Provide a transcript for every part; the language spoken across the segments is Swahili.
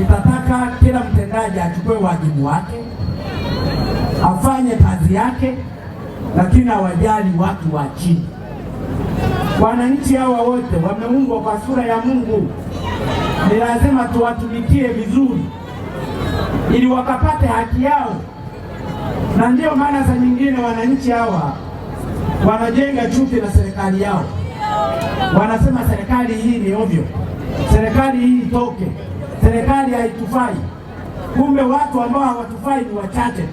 nitataka kila mtendaji achukue wajibu wake, afanye kazi yake, lakini awajali watu wa chini. Wananchi hawa wote wameungwa kwa sura ya Mungu, ni lazima tuwatumikie vizuri ili wakapate haki yao, na ndiyo maana saa nyingine wananchi hawa wanajenga chuki na serikali yao, wanasema serikali hii ni ovyo, serikali hii itoke serikali haitufai. Kumbe watu ambao hawatufai ni wachache.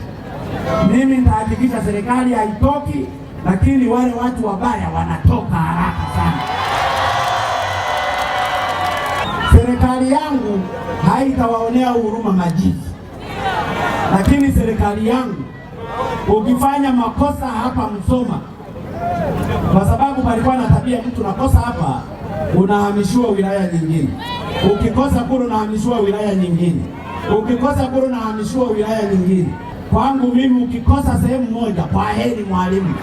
Mimi nitahakikisha serikali haitoki, lakini wale watu wabaya wanatoka haraka sana. Serikali yangu haitawaonea huruma majizi, lakini serikali yangu ukifanya makosa hapa Msoma, kwa sababu palikuwa na tabia mtu nakosa hapa unahamishiwa wilaya nyingine. Ukikosa kura unahamishiwa wilaya nyingine, ukikosa kura unahamishiwa wilaya nyingine. Kwangu mimi ukikosa sehemu moja, kwa heri mwalimu.